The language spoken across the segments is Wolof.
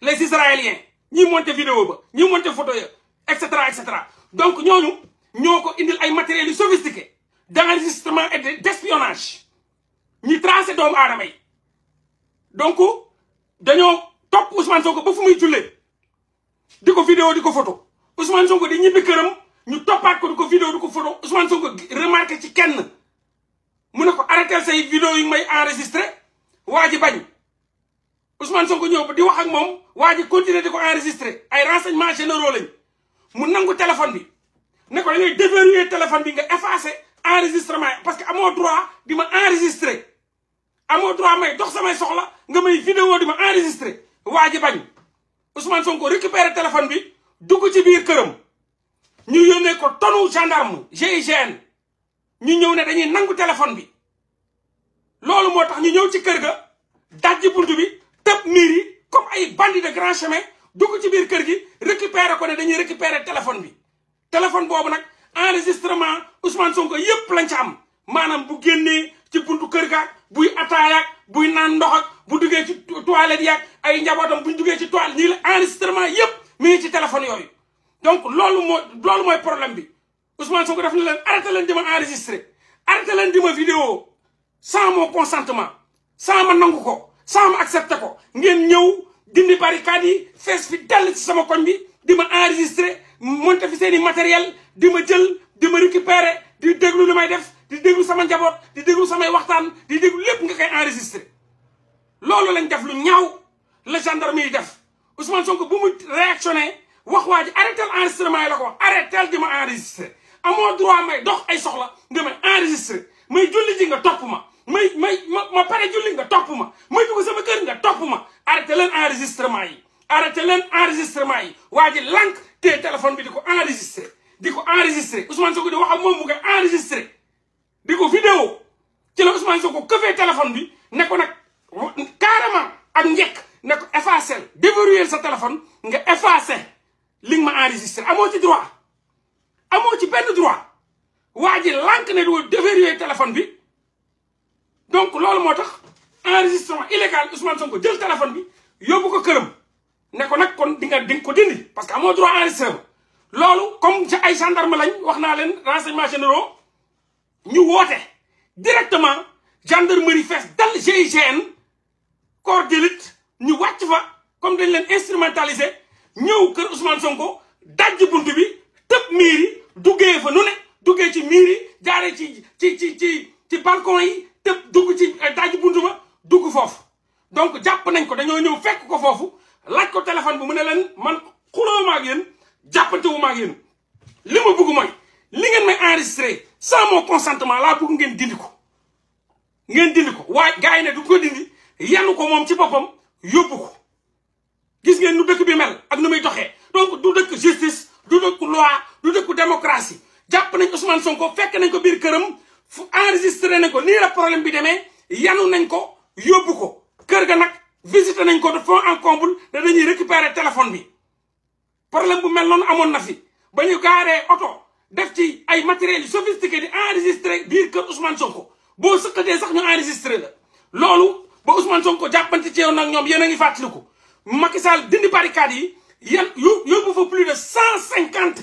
les israéliens ñi monté vidéo ba ñi monté photo etc. etc donc ñooñu nous avons indil ay matériels sophistiqué et d'espionnage. ñi tracé nous donc dañoo top Ousmane Sonko pour vous vidéo photo Ousmane Sonko di ñu top vidéo photo Ousmane Sonko remarquez arrêté vidéo enregistré Ousmane Sonko ñëw di wax ak mom waji continuer di ko enregistrer ay renseignements généraux lañ mu nangu téléphone bi ne ko da déverrouiller téléphone bi nga effacer enregistrement parce que amo droit di ma enregistrer amo droit may dox samay soxla nga may vidéo di ma enregistrer waji bañ Ousmane Sonko récupérer téléphone bi dugg ci biir kërëm ñu yone ko tonu gendarme GIGN ñu ñëw ne dañuy nangu téléphone bi lolu motax ñu ñëw ci kër ga dajji buntu bi. Miri, comme ay bandi de grand chemin dugg ci bir kër gi récupérer ko né dañuy récupérer téléphone bi téléphone bobu nak enregistrement Ousmane Sonko yépp lañ ci am manam bu génné ci buntu kër gaak buy ataayaak buy nan ndox ak bu duggé ya ci toilette yak ay njabotam buñ duggé ci toile ni enregistrement yépp mi ci téléphone yoy donc lolu mo lolu moy problème bi Ousmane Sonko def na leen arrêté lan di ma arrêté lan di ma vidéo sans mon consentement sans ma saam accepté ko ngeen ñëw dindi barricade yi fees fi dell ci sama koñ bi di ma enregistré monté fi seen i matériel di ma jël di ma récupéré di déglu li may def di déglu sama njaboot di déglu samay waxtaan di déglu lépp nga koy enregistré loolu lañ def lu ñaaw la gendarme yi def Ousmane Sonko bu mu réactionné wax waa ji arrêtel enregistrement yi la ko wax arrêtel di ma enregistré amoo droit may dox ay soxla nga may enregistré may julli ji nga topp ma may may ma ma pare julli nga topp ma may dugg sama kër nga topp ma arrêté leen enregistrement yi arrêté leen enregistrement yi waa ji lànk te téléphone bi di ko enregistré di ko enregistré Ousmane Sonko di wax ak moom mu koy enregistré di ko vidéo ci la Ousmane Sonko këfee téléphone bi ne ko nag carrément ak njëkk ne ko effacé déverrouiller sa téléphone nga effacé li nga ma enregistré amoo ci droit amoo ci benn droit waa ji lànk ne doo déverrouiller téléphone bi donc loolu motax enregistrement illégal Ousmane Sonko jël téléphone bi yobou ko këram ne ko nak kon di nga di ko dindi parce que amoo droit enregistré ba loolu comme ay gendarme lañ waxna len renseignement renseignements généraux ñu woté directement gendarmerie fees dal GIGN corps d'élite ñu wacc fa comme dañ leen instrumentaliser ñëw kër Ousmane Sonko dajj buntu bi tepp miir duggé fa nu né duggé ci miir yi ci ci ci ci balcon yi tëb dugg ci eh, daaj buntu ba dugg foofu donc jàpp nañ ko dañoo ñëw fekk ko foofu laaj ko téléphone bi mu ne leen man xuloo ma ak yéen jàppante wu ma ak yéen li ma bëgg mooy li ngeen may enregistré sans mon consentement laa bëgg ngeen dindi ko ngeen dindi ko waaye gars yi ne du ko dindi yanu ko moom ci boppam yóbbu ko gis ngeen nu dëkk bi mel ak nu muy doxee donc du dëkk justice du dëkk loi du dëkk démocratie jàpp nañ Ousmane Sonko fekk nañ ko biir këram fu enregistré nako ni la problème bi démé yanu nañ ko yóbbu ko kër ga nak visité nañ ko de fond en comble da dañuy récupérer téléphone bi problème bu mel non amoon na fi bañu garé auto def ci ay matériel sophistiqué di enregistré biir kër Ousmane Sonko bo sëkkaté sax ñu enregistré la lolu ba Ousmane Sonko jappanti ci yow nak ñom yeena ngi fatlikou Macky Sall dindi barricade yi yan fa plus de cent cinquante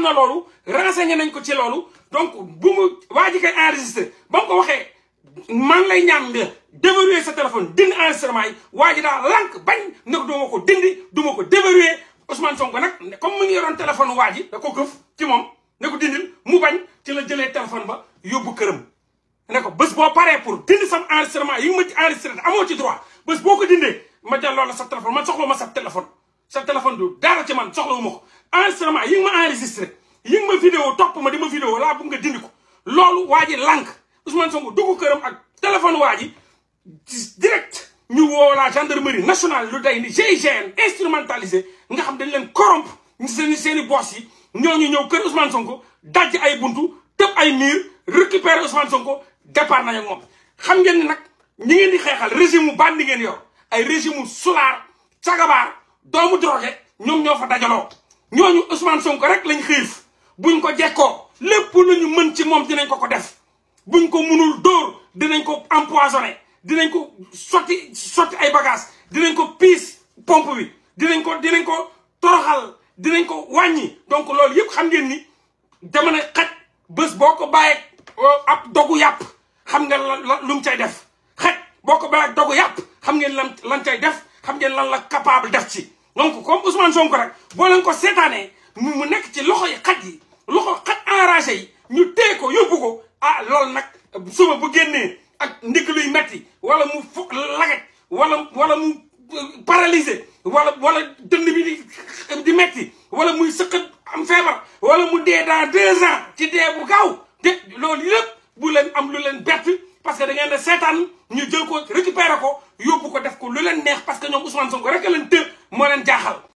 na loolu renseigné nañ ko ci loolu donc bu mu waa ji koy enregistré ba mu ko waxee man lay ñaan nga déverrouiller sa téléphone dindi enregistrement yi waa ji daa lànk bañ ne ko ko dindi duma ko déverrouiller Ousmane Sonko nag comme mu ngi yoroon téléphone waa ji da ko këf ci moom ne dindil mu bañ ci la jëlee téléphone ba yóbbu këram ne ko bés boo paree pour dindi sam enregistrement yi nga ma ci enregistré amoo ci droit bés boo ko dindee ma jàlloo la sa téléphone man soxla ma sa téléphone sa téléphone du dara ci man soxla wu ma ko enregistrement yi nga ma enregistré yi nga ma vidéo topp ma di ma vidéo laa bëgg nga dindi ko loolu waa ji lànk Ousmane Sonko dugg këram ak téléphone waa ji direct ñu woo la gendarmerie nationale lu day ni GIGN instrumentalisé nga xam dañ leen corrompre ñu seeni boss yi ñooñu ñëw kër Ousmane Sonko daj ay buntu tëb ay miir récupérer Ousmane Sonko départ nañu moom xam ngeen ni nag ñu ngeen di xeexal régime mu bandi ngeen yor ay régime mu sulaar doomu drogué ñoom ñoo fa dajaloo ñooñu Ousmane Sonko rek lañ xiif buñ ko jekkoo lépp lu ñu mën ci moom dinañ ko ko def buñ ko munul dóor dinañ ko empoisonné dinañ ko sotti sotti ay bagage dinañ ko piis pompe bi dinañ ko dinañ ko toroxal dinañ ko wàññi donc loolu yëpp xam ngeen ni jamono xaj bés boo ko bàyyee ab dogu yàpp xam nga lu mu cay def xaj boo ko bàyyee dogu yàpp xam ngeen lan lan cay def xam ngeen lan la capable def ci donc comme Ousmane Sonko rek boo leen ko seetaanee mu nekk ci loxo yi xaj yi loxo xaj enragé yi ñu téye ko yóbbu ko ah loolu nag suba bu génnee ak ndigg luy metti wala mu fo lagat wala wala mu euh, paralysé wala wala dënd bi di di metti wala muy sëqat am feebar wala mu dee dans deux ans ci dee bu gaaw te loolu yëpp bu leen am lu leen bett parce que da ngeen ne seetaan ñu jël ko récupéré ko yóbbu ko def ko lu leen neex parce que ñoom Ousmane Sonko rek a leen të moo leen jaaxal.